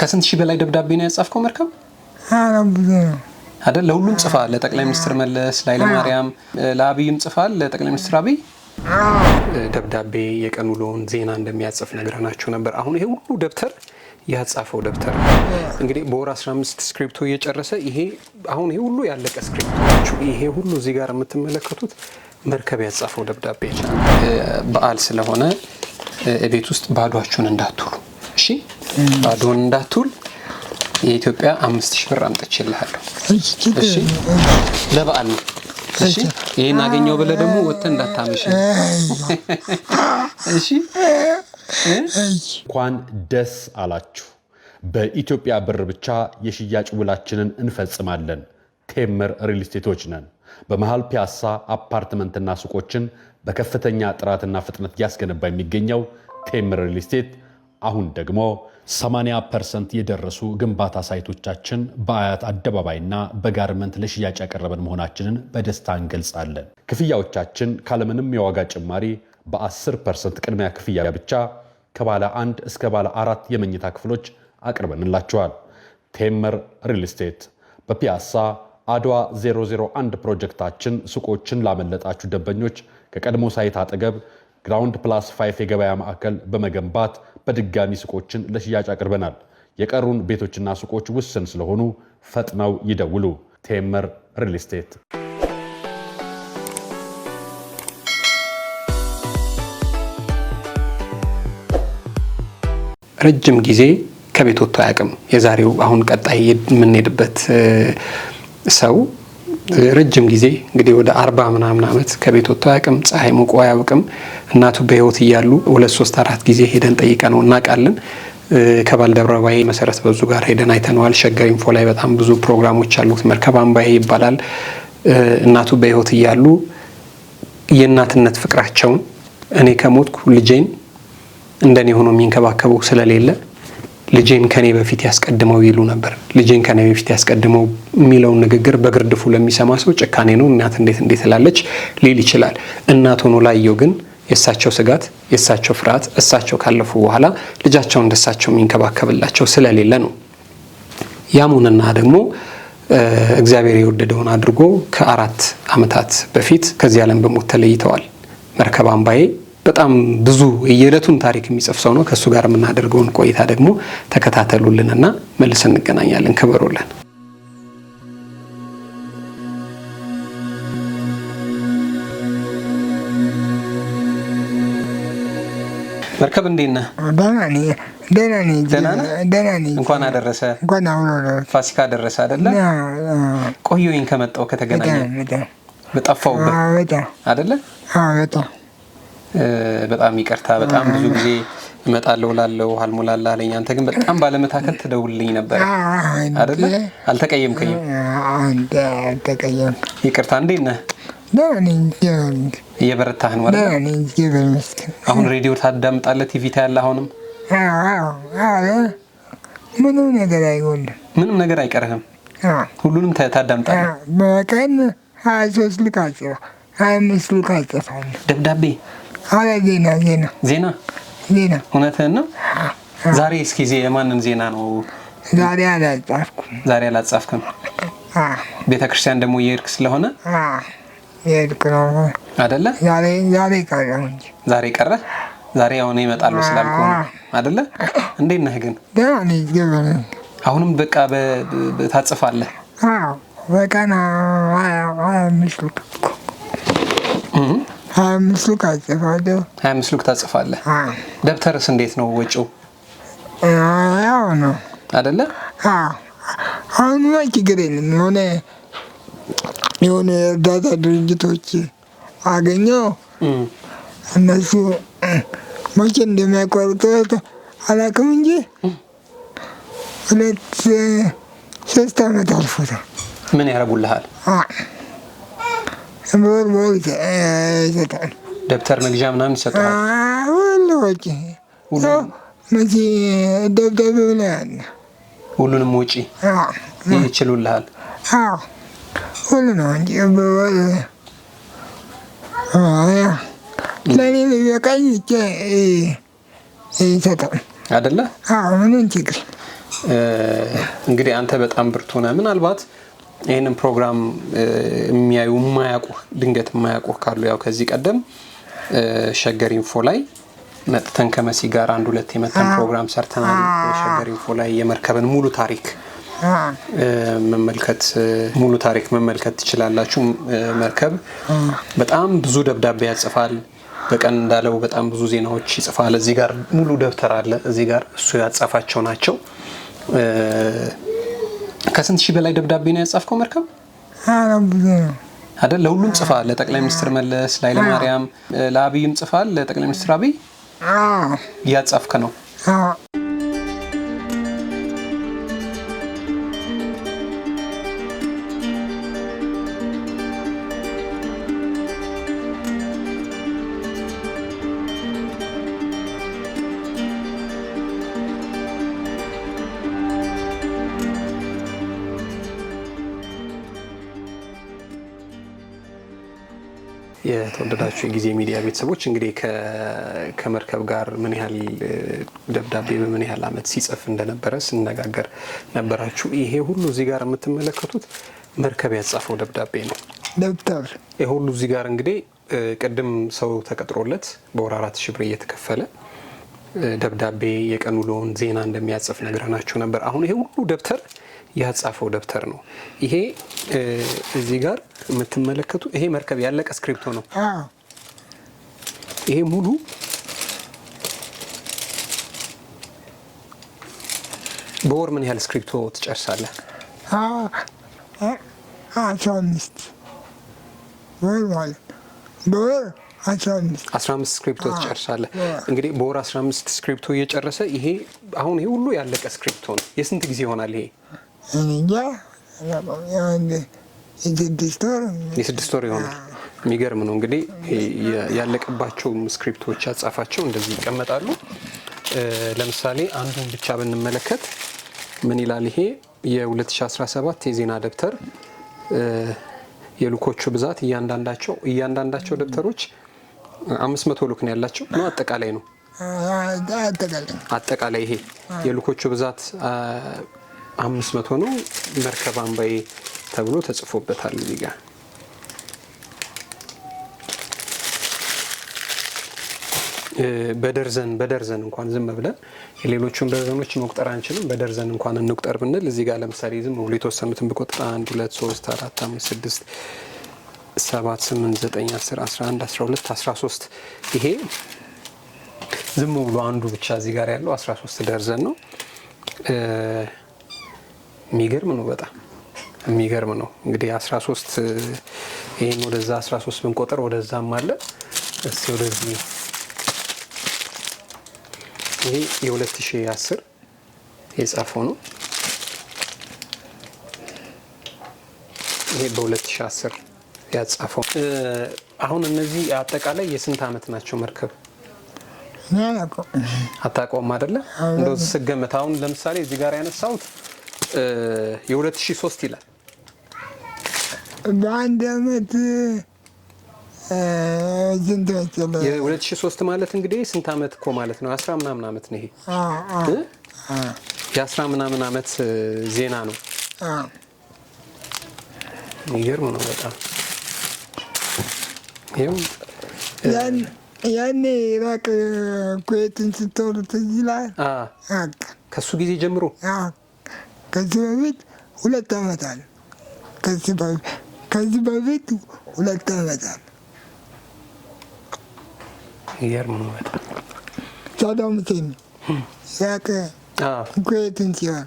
ከስንት ሺህ በላይ ደብዳቤ ነው ያጻፍከው? መርከብ ብዙ ነው አይደል? ለሁሉም ጽፋል። ለጠቅላይ ሚኒስትር መለስ፣ ለኃይለማርያም፣ ለአብይም ጽፋል። ለጠቅላይ ሚኒስትር አብይ ደብዳቤ የቀን ውሎውን ዜና እንደሚያጽፍ ነግረናቸው ነበር። አሁን ይሄ ሁሉ ደብተር ያጻፈው ደብተር እንግዲህ በወር 15 ስክሪፕቶ እየጨረሰ ይሄ አሁን ይሄ ሁሉ ያለቀ ስክሪፕቶ ናቸው። ይሄ ሁሉ እዚህ ጋር የምትመለከቱት መርከብ ያጻፈው ደብዳቤ በዓል ስለሆነ ቤት ውስጥ ባዷችሁን እንዳትሉ እሺ ባዶን እንዳትውል የኢትዮጵያ አምስት ሺህ ብር አምጥቼልሃለሁ። ለበዓል ነው። እሺ ይሄን አገኘው ብለህ ደግሞ ወጥተህ እንዳታመሽ። እሺ እንኳን ደስ አላችሁ። በኢትዮጵያ ብር ብቻ የሽያጭ ውላችንን እንፈጽማለን። ቴምር ሪል ነን። በመሃል ፒያሳ አፓርትመንትና ሱቆችን በከፍተኛ ጥራትና ፍጥነት እያስገነባ የሚገኘው ቴምር ሪልስቴት አሁን ደግሞ 80 ፐርሰንት የደረሱ ግንባታ ሳይቶቻችን በአያት አደባባይና በጋርመንት ለሽያጭ ያቀረበን መሆናችንን በደስታ እንገልጻለን። ክፍያዎቻችን ካለምንም የዋጋ ጭማሪ በ10 ፐርሰንት ቅድሚያ ክፍያ ብቻ ከባለ አንድ እስከ ባለ አራት የመኝታ ክፍሎች አቅርበንላቸዋል። ቴምር ሪል ስቴት በፒያሳ አድዋ 001 ፕሮጀክታችን ሱቆችን ላመለጣችሁ ደንበኞች ከቀድሞ ሳይት አጠገብ ግራውንድ ፕላስ 5 የገበያ ማዕከል በመገንባት በድጋሚ ሱቆችን ለሽያጭ አቅርበናል። የቀሩን ቤቶችና ሱቆች ውስን ስለሆኑ ፈጥነው ይደውሉ። ቴምር ሪል ስቴት ረጅም ጊዜ ከቤት ወጥቶ አያውቅም። የዛሬው አሁን ቀጣይ የምንሄድበት ሰው ረጅም ጊዜ እንግዲህ ወደ አርባ ምናምን ዓመት ከቤት ወጥቶ አያውቅም። ፀሐይ ሙቆ አያውቅም። እናቱ በህይወት እያሉ ሁለት ሶስት አራት ጊዜ ሄደን ጠይቀ ነው እናውቃለን። ከባልደረባዬ መሰረት በዙ ጋር ሄደን አይተነዋል። ሸገር ኢንፎ ላይ በጣም ብዙ ፕሮግራሞች አሉት። መርከብ አምባዬ ይባላል። እናቱ በህይወት እያሉ የእናትነት ፍቅራቸውን እኔ ከሞትኩ ልጄን እንደኔ ሆኖ የሚንከባከበው ስለሌለ ልጄን ከኔ በፊት ያስቀድመው ይሉ ነበር። ልጄን ከኔ በፊት ያስቀድመው የሚለውን ንግግር በግርድፉ ለሚሰማ ሰው ጭካኔ ነው፣ እናት እንዴት እንዴት እላለች ሊል ይችላል። እናት ሆኖ ላየው ግን የእሳቸው ስጋት፣ የእሳቸው ፍርሃት እሳቸው ካለፉ በኋላ ልጃቸው እንደሳቸው የሚንከባከብላቸው ስለሌለ ነው። ያሙንና ደግሞ እግዚአብሔር የወደደውን አድርጎ ከአራት ዓመታት በፊት ከዚህ ዓለም በሞት ተለይተዋል። መርከብ አምባዬ በጣም ብዙ የዕለቱን ታሪክ የሚጽፍ ሰው ነው። ከእሱ ጋር የምናደርገውን ቆይታ ደግሞ ተከታተሉልንና መልስ እንገናኛለን። ክበሩልን። መርከብ እንዴት ነህ? ደህና ነኝ። እንኳን አደረሰ። ፋሲካ ደረሰ አይደለ? ከመጣው ከመጣሁ ከተገናኘን በጣም ይቅርታ፣ በጣም ብዙ ጊዜ እመጣለሁ ላለው አልሞላላ አለኝ። አንተ ግን በጣም ባለመታከል ትደውልልኝ ነበር አይደለ? አልተቀየምከኝም? ይቅርታ። እንዴት ነህ? እየበረታህን አሁን ሬዲዮ ታዳምጣለህ? ቲቪ ታያለህ? አሁንም ምንም ነገር አይጎልም። ምንም ነገር አይቀርህም። ሁሉንም ታዳምጣለህ? በቀን ሀያ ሶስት ልቃጭ ሀያ አምስት ልቃጭፋለሁ። ደብዳቤ አረ ዜና ዜና ዜና ዜና እውነትህን ነው። ዛሬ እስኪ የማንን ዜና ነው ዛሬ? አላጻፍኩም። ዛሬ አላጻፍክም። ደግሞ የሄድክ ስለሆነ የሄድክ ነው አደለ? ዛሬ ቀረ ዛሬ ቀረ። ዛሬ አሁን ይመጣሉ ስላልኩ አደለ? እንዴት ነህ ግን? አሁንም በቃ ታጽፋለህ? በቀን ሀያ አምስት ሉክ አጽፋለሁ። ሀያ አምስት ሉክ ታጽፋለህ። ደብተርስ እንዴት ነው ወጪው? ያው ነው አደለ? አሁን ችግር የለም። የሆነ የሆነ እርዳታ ድርጅቶች አገኘው እነሱ መቼ እንደሚያቋርጡት አላውቅም እንጂ ሁለት ሶስት አመት አልፎታል። ምን ያረጉልሃል? ይሰጣል። ደብተር መግዣ ምናምን ይሰጣል። ሁሉ ወጪ ደብደብ ብለ ያለ ሁሉንም ወጪ ይችሉልሃል። ሁሉ ነው እንጂ ለእኔ ቢበቃኝ ይሰጣል አደለ? ምንም ችግር እንግዲህ አንተ በጣም ብርቱ ነህ። ምናልባት ይህንን ፕሮግራም የሚያዩ የማያውቁ ድንገት የማያውቁ ካሉ ያው ከዚህ ቀደም ሸገር ኢንፎ ላይ መጥተን ከመሲ ጋር አንድ ሁለት የመተን ፕሮግራም ሰርተናል። ሸገር ኢንፎ ላይ የመርከብን ሙሉ ታሪክ መመልከት ሙሉ ታሪክ መመልከት ትችላላችሁ። መርከብ በጣም ብዙ ደብዳቤ ያጽፋል። በቀን እንዳለው በጣም ብዙ ዜናዎች ይጽፋል። እዚህ ጋር ሙሉ ደብተር አለ። እዚህ ጋር እሱ ያጻፋቸው ናቸው። ከስንት ሺህ በላይ ደብዳቤ ነው ያጻፍከው መርከብ አይደል? ለሁሉም ጽፋል። ለጠቅላይ ሚኒስትር መለስ፣ ለኃይለማርያም፣ ለአብይም ጽፋል። ለጠቅላይ ሚኒስትር አብይ እያጻፍከ ነው። የተወደዳችሁ የጊዜ ሚዲያ ቤተሰቦች እንግዲህ ከመርከብ ጋር ምን ያህል ደብዳቤ በምን ያህል ዓመት ሲጽፍ እንደነበረ ስነጋገር ነበራችሁ። ይሄ ሁሉ እዚህ ጋር የምትመለከቱት መርከብ ያጻፈው ደብዳቤ ነው። ደብዳቤ ይሄ ሁሉ እዚህ ጋር እንግዲህ ቅድም ሰው ተቀጥሮለት በወር አራት ሺ ብር እየተከፈለ ደብዳቤ፣ የቀን ውሎውን ዜና እንደሚያጽፍ ነግረናቸው ነበር። አሁን ይሄ ሁሉ ደብተር ያጻፈው ደብተር ነው። ይሄ እዚህ ጋር የምትመለከቱ ይሄ መርከብ ያለቀ እስክሪብቶ ነው። ይሄ ሙሉ በወር ምን ያህል እስክሪብቶ ትጨርሳለህ? አስራ አምስት ማለት በወር 15 ስክሪፕቶ ትጨርሳለህ። እንግዲህ በወር 15 ስክሪፕቶ እየጨረሰ ይሄ አሁን ይሄ ሁሉ ያለቀ ስክሪፕቶ ነው። የስንት ጊዜ ይሆናል ይሄ? የስድስት ወር ይሆናል። የሚገርም ነው እንግዲህ ያለቀባቸው ስክሪፕቶች ያጻፋቸው እንደዚህ ይቀመጣሉ። ለምሳሌ አንዱን ብቻ ብንመለከት ምን ይላል ይሄ? የ2017 የዜና ደብተር የልኮቹ ብዛት እያንዳንዳቸው እያንዳንዳቸው ደብተሮች አምስት መቶ ሉክ ነው ያላቸው ነው አጠቃላይ ነው አጠቃላይ ይሄ የሉኮቹ ብዛት አምስት መቶ ነው። መርከብ አምባዬ ተብሎ ተጽፎበታል እዚህ ጋር በደርዘን በደርዘን እንኳን ዝም ብለን የሌሎቹን ደርዘኖች መቁጠር አንችልም። በደርዘን እንኳን እንቁጠር ብንል እዚህ ጋር ለምሳሌ ዝም ብሎ የተወሰኑትን ብቆጥር አንድ ሁለት ሶስት አራት አምስት ስድስት ሰባት 8 ዘጠኝ አስር አስራ አንድ ይሄ ዝም ብሎ አንዱ ብቻ እዚህ ጋር ያለው 13 ደርዘን ነው። የሚገርም ነው በጣም የሚገርም ነው። እንግዲህ 13 ይህን ወደዛ 13 ብንቆጥር ብንቆጠር ወደዛም አለ እስ ወደዚህ ይሄ የ2010 የጻፈው ነው። ይሄ በ2010 ያጻፈው። አሁን እነዚህ አጠቃላይ የስንት ዓመት ናቸው መርከብ? አታውቀውም አይደለ? እንደው ስገመት አሁን ለምሳሌ እዚህ ጋር ያነሳሁት የ2003 ይላል። በአንድ ዓመት የ2003 ማለት እንግዲህ ስንት ዓመት እኮ ማለት ነው? አስራ ምናምን ዓመት ነው ይሄ የአስራ ምናምን ዓመት ዜና ነው። ይገርም ነው በጣም ያኔ ኢራቅ ኩዌትን ስትሆኑ ትዝ ይላል። ከሱ ጊዜ ጀምሮ ከዚህ በፊት ሁለት ዓመት አለ። ከዚህ በፊት ሁለት ዓመት አለ። ሳዳም ሁሴን ኢራቅ ኩዌትን ሲሆን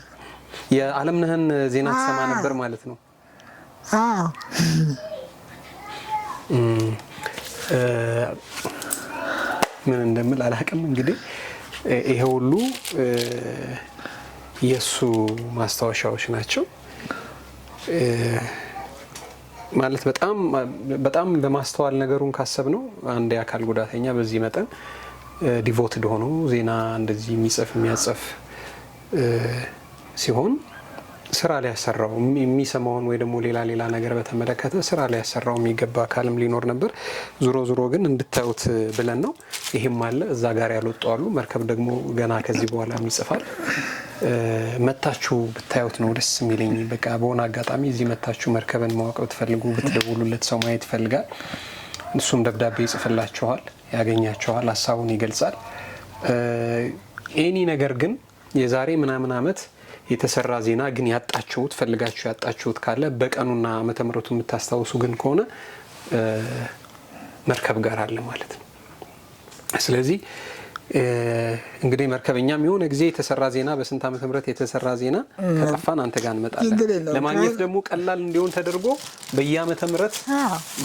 ዜና ትሰማ ነበር ማለት ነው። ምን እንደምል አላቅም። እንግዲህ ይሄ ሁሉ የእሱ ማስታወሻዎች ናቸው ማለት በጣም በጣም በማስተዋል ነገሩን ካሰብ ነው አንድ የአካል ጉዳተኛ በዚህ መጠን ዲቮትድ ሆኖ ዜና እንደዚህ የሚጽፍ የሚያጽፍ ሲሆን ስራ ሊያሰራው የሚሰማውን ወይ ደግሞ ሌላ ሌላ ነገር በተመለከተ ስራ ሊያሰራው የሚገባ አካልም ሊኖር ነበር። ዙሮ ዙሮ ግን እንድታዩት ብለን ነው። ይህም አለ እዛ ጋር ያልወጡ አሉ። መርከብ ደግሞ ገና ከዚህ በኋላ ይጽፋል። መታችሁ ብታዩት ነው ደስ የሚለኝ። በቃ በሆነ አጋጣሚ እዚህ መታችሁ መርከብን ማወቅ ብትፈልጉ ብትደውሉለት፣ ሰው ማየት ይፈልጋል። እሱም ደብዳቤ ይጽፍላችኋል፣ ያገኛችኋል፣ ሀሳቡን ይገልጻል። ኤኒ ነገር ግን የዛሬ ምናምን አመት የተሰራ ዜና ግን ያጣችሁት ፈልጋችሁ ያጣችሁት ካለ በቀኑና ዓመተ ምሕረቱ የምታስታውሱ ግን ከሆነ መርከብ ጋር አለ ማለት ነው። ስለዚህ እንግዲህ መርከበኛም የሆነ ጊዜ የተሰራ ዜና በስንት ዓመተ ምሕረት የተሰራ ዜና ከጠፋን አንተ ጋር እንመጣለን። ለማግኘት ደግሞ ቀላል እንዲሆን ተደርጎ በየዓመተ ምሕረት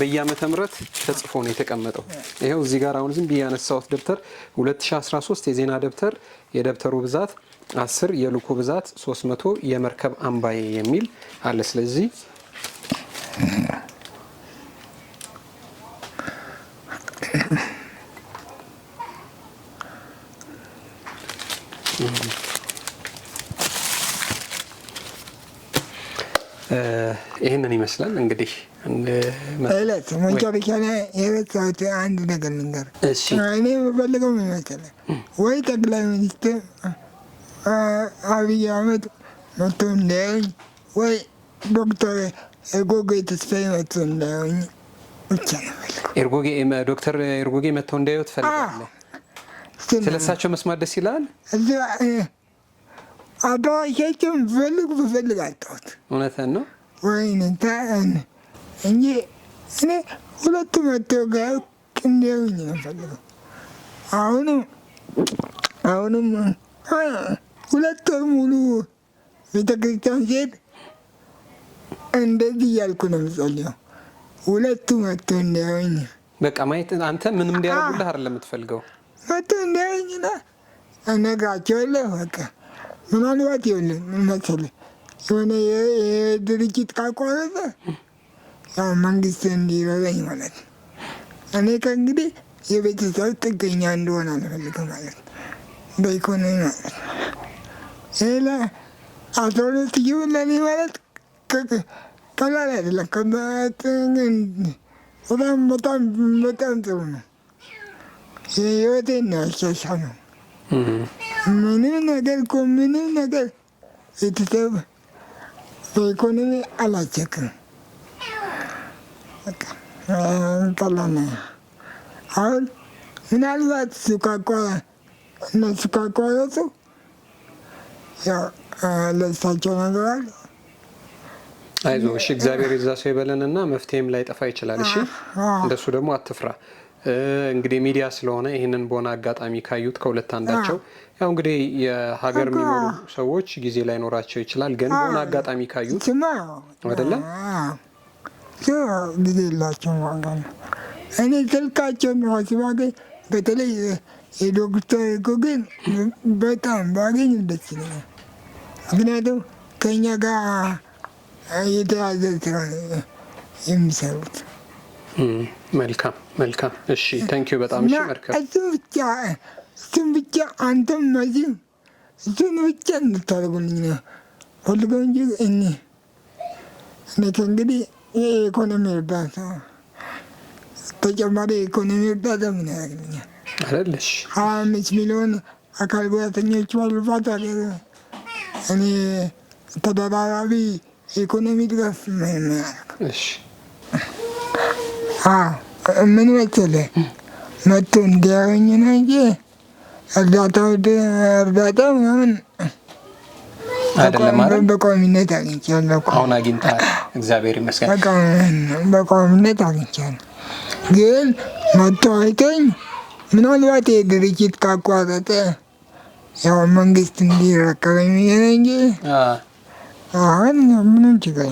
በየዓመተ ምሕረት ተጽፎ ነው የተቀመጠው። ይኸው እዚህ ጋር አሁን ዝም ብዬ ያነሳሁት ደብተር 2013 የዜና ደብተር የደብተሩ ብዛት አስር የልኩ ብዛት 300 የመርከብ አምባዬ የሚል አለ። ስለዚህ ይህንን ይመስላል እንግዲህ እለት ሙጫ ብቻ ላይ የበዛሁት አንድ ነገር ልንገር እኔ የምፈልገው ይመስላል ወይ ጠቅላይ ሚኒስትር አብይ አህመድ መቶ እንዳያዩኝ ወይ ዶክተር ኤርጎጌ ተስፋዬ መቶ እንዳያዩኝ ብቻ ነው። ዶክተር ኤርጎጌ መቶ እንዳያዩ ትፈልጋለህ? ስለሳቸው መስማት ደስ ይላል። አባዋሻቸውን ብፈልግ ብፈልግ አጣሁት። እውነትን ነው ወይን ታን እንጂ እኔ ሁለቱ ነው ፈልገው አሁንም አሁንም ሁለት ወር ሙሉ ቤተክርስቲያን ሲሄድ እንደዚህ እያልኩ ነው የምጸልየው። ሁለቱ መቶ እንዲያዩኝ በቃ ማየት አንተ ምንም እንዲያደርጉልህ አይደለም የምትፈልገው፣ መቶ እንዲያዩኝ ና እነግራቸዋለሁ። በቃ ምናልባት ይኸውልህ ምን መሰለህ የሆነ ድርጅት ካቋረጠ ያው መንግስት እንዲረዳኝ ማለት ነው። እኔ ከእንግዲህ የቤተሰብ ጥገኛ እንደሆነ አልፈልግም ማለት በኢኮኖሚ ማለት ነው። ይህን አስራ ሁለት ለኔ ማለት ቀላል አይደለም። በጣም በጣም በጣም ጥሩ ነው። ህይወቴን ያሻሻ ነው። ምንም ነገር እኮ ምንም ነገር ቤተሰብ በኢኮኖሚ አላቸክም። ቀላል አሁን ምናልባት ሱካኳ እነሱ ካቋረጡ ለሳቸው ነግረዋል። አይዞ እሺ፣ እግዚአብሔር የዛ ሰው ይበለንና መፍትሄም ጠፋ ይችላል። እሺ፣ እንደሱ ደግሞ አትፍራ። እንግዲህ ሚዲያ ስለሆነ ይህንን በሆነ አጋጣሚ ካዩት ከሁለት አንዳቸው ያው እንግዲህ የሀገር የሚኖሩ ሰዎች ጊዜ ላይ ኖራቸው ይችላል። ግን በሆነ አጋጣሚ ካዩት አይደለም ጊዜ የላቸው እኔ ስልካቸው ነው ሲባገኝ በተለይ የዶክተር እኮ ግን በጣም ባገኝ ደስ ይለኛል። ምክንያቱም ከእኛ ጋር የተያዘ ስራ የሚሰሩት። መልካም መልካም። እሺ ተንኪዩ በጣም መርከብ እሱን ብቻ እሱን ብቻ አንተም መዚም እሱን ብቻ እንድታደርጉልኝ ፈልገው እንጂ እኔ እኔ ከእንግዲህ የኢኮኖሚ እርዳታ ተጨማሪ የኢኮኖሚ እርዳታ ምን ያደርግልኛል? አይደለሽ? ሀያ አምስት ሚሊዮን አካል ጉዳተኞች ባሉባት ሀገር እኔ ተደራራቢ ኢኮኖሚ ድጋፍ ምን መሰለህ መቶ እንዲያገኝ ነው እንጂ እርዳታው እርዳታ ምናምን በቋሚነት አግኝቻለሁ። አሁን አግኝተሃል፣ እግዚአብሔር ይመስገን። በቋሚነት አግኝቻለሁ ግን መጥቶ አይተኝ ምናልባት ይህ ድርጅት ካቋረጠ ያው መንግስት እንዲረከበኝ ነው እንጂ አሁን ምንም ችግር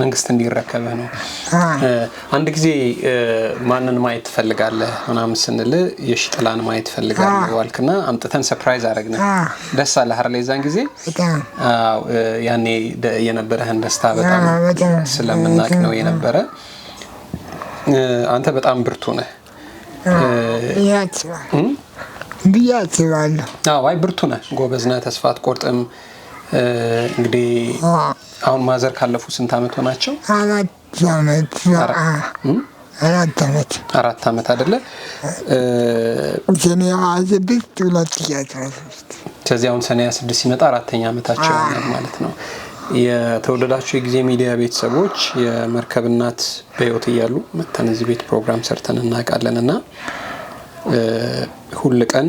መንግስት እንዲረከብህ ነው። አንድ ጊዜ ማንን ማየት ትፈልጋለህ ምናምን ስንል የሺጥላን ማየት ትፈልጋለህ ዋልክና አምጥተን ሰርፕራይዝ አደረግን። ደስ አለ ጊዜ ያኔ የነበረህን ደስታ በጣም ስለምናቅ ነው የነበረ። አንተ በጣም ብርቱ ነህ። ብዬ አስባለሁ። አይ ብርቱ ነህ፣ ጎበዝ ነህ፣ ተስፋ አትቆርጥም። እንግዲህ አሁን ማዘር ካለፉ ስንት አመት ሆናቸው? አራት አመት አራት አመት አይደለ? ሰኔ ስድስት ሁለት ከዚህ አሁን ሰኔ ስድስት ሲመጣ አራተኛ አመታቸው ማለት ነው። የተወደዳቸው የጊዜ ሚዲያ ቤተሰቦች የመርከብ እናት በህይወት እያሉ መተን እዚህ ቤት ፕሮግራም ሰርተን እናውቃለን እና ሁል ቀን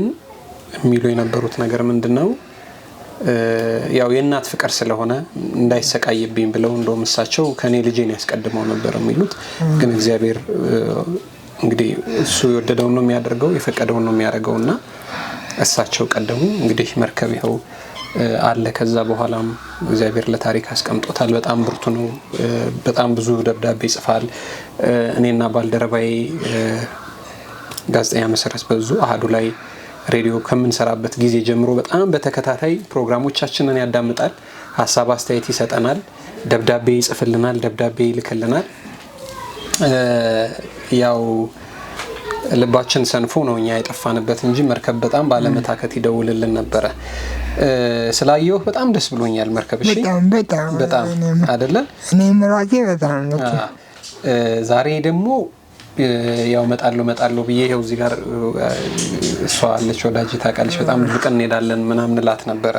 የሚሉ የነበሩት ነገር ምንድን ነው? ያው የእናት ፍቅር ስለሆነ እንዳይሰቃይብኝ ብለው እንደውም እሳቸው ከእኔ ልጄን ያስቀድመው ነበር የሚሉት። ግን እግዚአብሔር እንግዲህ እሱ የወደደውን ነው የሚያደርገው፣ የፈቀደውን ነው የሚያደርገው እና እሳቸው ቀደሙ። እንግዲህ መርከብ ይኸው አለ። ከዛ በኋላም እግዚአብሔር ለታሪክ አስቀምጦታል። በጣም ብርቱ ነው። በጣም ብዙ ደብዳቤ ይጽፋል። እኔና ባልደረባዬ ጋዜጠኛ መሰረት በዙ አህዱ ላይ ሬዲዮ ከምንሰራበት ጊዜ ጀምሮ በጣም በተከታታይ ፕሮግራሞቻችንን ያዳምጣል። ሀሳብ አስተያየት ይሰጠናል። ደብዳቤ ይጽፍልናል። ደብዳቤ ይልክልናል። ያው ልባችን ሰንፎ ነው እኛ የጠፋንበት እንጂ መርከብ በጣም ባለመታከት ይደውልልን ነበረ። ስላየሁ በጣም ደስ ብሎኛል። መርከብ በጣም አደለ በጣም ዛሬ ደግሞ ያው መጣለሁ መጣለሁ ብዬ ይኸው እዚህ ጋር እሷ አለች ወዳጅ ታውቃለች። በጣም ብቅን እንሄዳለን ምናምን እላት ነበረ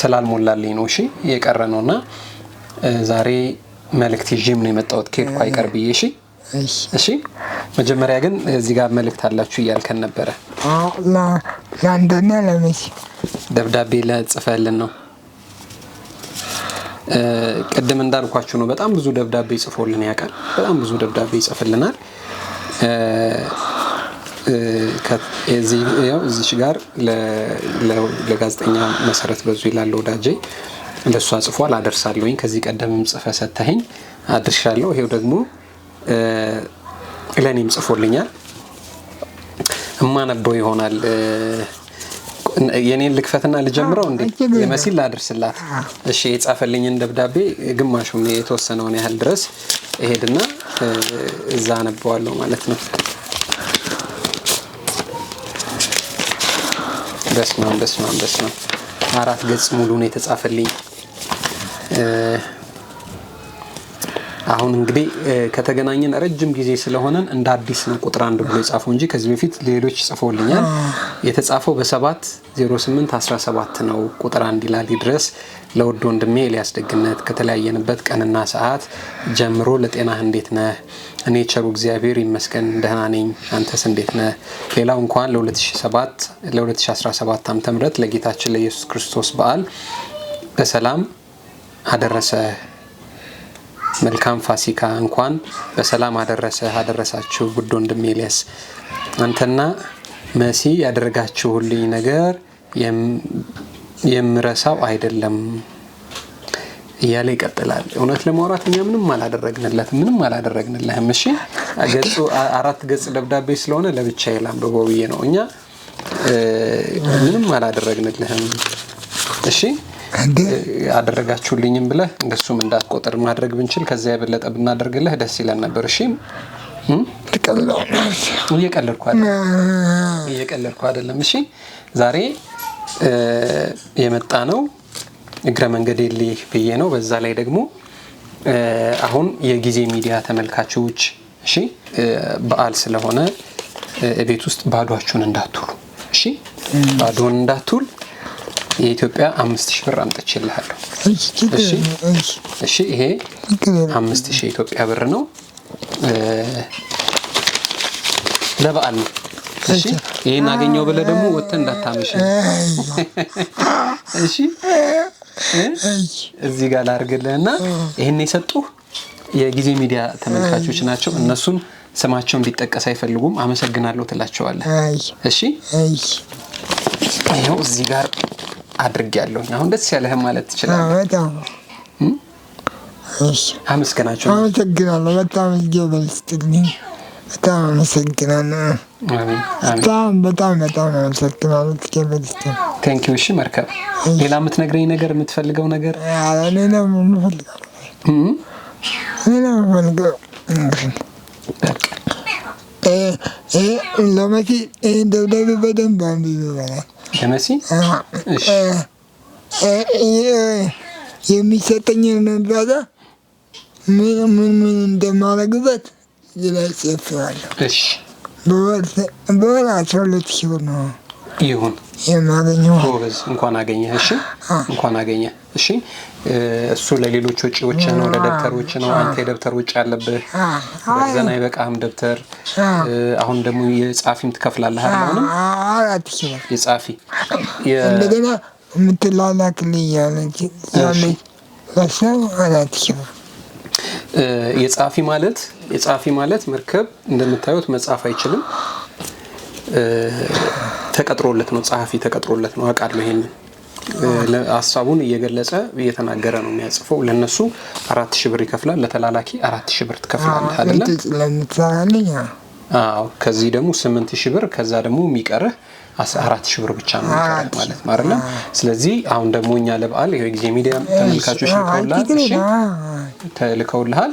ስላልሞላልኝ ነው። እሺ የቀረ ነው እና ዛሬ መልእክት ይዤም ነው የመጣሁት ከሄድኩ አይቀር ብዬ እሺ እሺ መጀመሪያ ግን እዚህ ጋር መልእክት አላችሁ እያልከን ነበረ። ለአንዶና ለመሲ ደብዳቤ ለጽፈልን ነው። ቅድም እንዳልኳችሁ ነው፣ በጣም ብዙ ደብዳቤ ጽፎልን ያውቃል። በጣም ብዙ ደብዳቤ ይጽፍልናል። እዚች ጋር ለጋዜጠኛ መሰረት በዙ ይላል ወዳጄ ለእሷ ጽፏል፣ አደርሳለሁኝ። ከዚህ ቀደምም ጽፈ ሰታኸኝ አድርሻለሁ። ይሄው ደግሞ ለእኔም ጽፎልኛል። እማነበው ይሆናል። የኔን ልክፈትና ልጀምረው እንዴ? የመሲል ላድርስላት። እሺ፣ የጻፈልኝን ደብዳቤ ግማሹን የተወሰነውን ያህል ድረስ እሄድና እዛ አነበዋለሁ ማለት ነው። በስመ አብ በስመ አብ በስመ አብ። አራት ገጽ ሙሉን የተጻፈልኝ አሁን እንግዲህ ከተገናኘን ረጅም ጊዜ ስለሆነን እንደ አዲስ ነው ቁጥር አንድ ብሎ የጻፈው እንጂ ከዚህ በፊት ሌሎች ጽፎልኛል። የተጻፈው በሰባት ዜሮ ስምንት አስራ ነው። ቁጥር አንድ ይላል ይድረስ ለውድ ወንድሜ ኤልያስ ደግነት ከተለያየንበት ቀንና ሰዓት ጀምሮ ለጤናህ እንዴት ነህ? እኔ ቸሩ እግዚአብሔር ይመስገን ደህና ነኝ። አንተስ እንዴት ነህ? ሌላው እንኳን ለ2017 ለ2017 ለጌታችን ለኢየሱስ ክርስቶስ በዓል በሰላም አደረሰህ መልካም ፋሲካ፣ እንኳን በሰላም አደረሰ አደረሳችሁ። ውድ ወንድሜ ኤልያስ አንተና መሲ ያደረጋችሁልኝ ነገር የምረሳው አይደለም እያለ ይቀጥላል። እውነት ለማውራት እኛ ምንም አላደረግንለት ምንም አላደረግንለህም። እሺ ገጹ አራት ገጽ ደብዳቤ ስለሆነ ለብቻ የላም ብዬ ነው። እኛ ምንም አላደረግንልህም። እሺ አደረጋችሁልኝም ብለህ እንደሱም እንዳትቆጥር ማድረግ ብንችል ከዚያ የበለጠ ብናደርግልህ ደስ ይለን ነበር። እሺ እየቀለድኩ እየቀለድኩ አይደለም። እሺ ዛሬ የመጣ ነው እግረ መንገድ ሌህ ብዬ ነው። በዛ ላይ ደግሞ አሁን የጊዜ ሚዲያ ተመልካቾች እሺ፣ በዓል ስለሆነ ቤት ውስጥ ባዷችሁን እንዳትውሉ እሺ፣ ባዶን እንዳትውል የኢትዮጵያ አምስት ሺህ ብር አምጥቼልሃለሁ። እሺ፣ ይሄ አምስት ሺህ የኢትዮጵያ ብር ነው። ለበዓል ነው። እሺ፣ ይሄን አገኘው ብለህ ደግሞ ወጥተህ እንዳታመሽ። እሺ፣ እዚህ ጋር ላድርግልህ እና ይህን የሰጡህ የጊዜ ሚዲያ ተመልካቾች ናቸው። እነሱን ስማቸው እንዲጠቀስ አይፈልጉም። አመሰግናለሁ ትላቸዋለህ። እሺ፣ ይኸው እዚህ ጋር አድርጌያለሁኝ። አሁን ደስ ያለህ ማለት ትችላለህ። አመስገናቸው። አመሰግናለሁ። በጣም እጅ በልስጥልኝ። በጣም አመሰግናለሁ። በጣም በጣም በጣም አመሰግናለሁ። እጅ በልስጥልኝ። እሺ መርከብ፣ ሌላ የምትነግረኝ ነገር የምትፈልገው ነገር? እኔ ነው የምፈልገው፣ እኔ ነው የምፈልገው ለመሲ ይህን ደብዳቤ በደንብ ለመሲ የሚሰጠኝ መባዛ ምን ምን ምን እንደማደርግበት ላይ ጽፌዋለሁ። በወር አስራ ሁለት ሺህ ብር ነው ይሁን የማገኘው። እንኳን አገኘ እሺ እንኳን አገኘ እሺ እሱ ለሌሎች ወጪዎች ነው፣ ለደብተሮች ነው። አንተ የደብተር ወጪ አለብህ፣ ዘና ይበቃህም ደብተር። አሁን ደግሞ የጻፊም ትከፍላለህ አይደል? አሁንም እንደገና የምትላላክልኝ ያለች ማለት የጻፊ ማለት መርከብ እንደምታዩት መጻፍ አይችልም። ተቀጥሮለት ነው ጸሐፊ ተቀጥሮለት ነው። አውቃለሁ ይሄንን ሀሳቡን እየገለጸ እየተናገረ ነው የሚያጽፈው። ለእነሱ አራት ሺህ ብር ይከፍላል፣ ለተላላኪ አራት ሺህ ብር ትከፍላለህ አይደለ? አዎ። ከዚህ ደግሞ ስምንት ሺህ ብር ከዛ ደግሞ የሚቀርህ አራት ሺህ ብር ብቻ ነው የሚቀርህ ማለት ነው አይደለ? ስለዚህ አሁን ደግሞ እኛ ለበዓል ጊዜ ሚዲያ ተመልካቾች ልከውልሃል፣ ተልከውልሃል።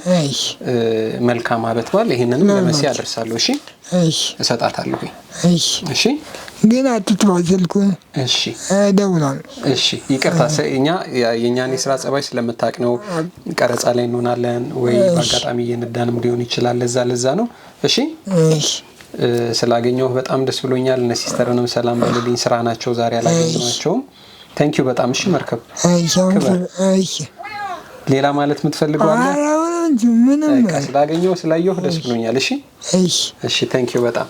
መልካም ዓመት በዓል። ይህንንም ለመሲ አደርሳለሁ። እሺ፣ እሰጣታለሁ። እሺ ግን አትጥፋ ስልኩ ደውሏል። እሺ ይቅርታ፣ እኛ የእኛን የስራ ጸባይ ስለምታውቅ ነው። ቀረጻ ላይ እንሆናለን ወይ በአጋጣሚ እየነዳንም ሊሆን ይችላል። ለዛ ለዛ ነው። እሺ ስላገኘው በጣም ደስ ብሎኛል። እነ ሲስተርንም ሰላም በልልኝ። ስራ ናቸው፣ ዛሬ አላገኘኋቸውም። ታንኪዩ በጣም እሺ። መርከብ ሌላ ማለት የምትፈልገዋለ? ስላገኘው ስላየሁ ደስ ብሎኛል። እሺ እሺ፣ ታንኪዩ በጣም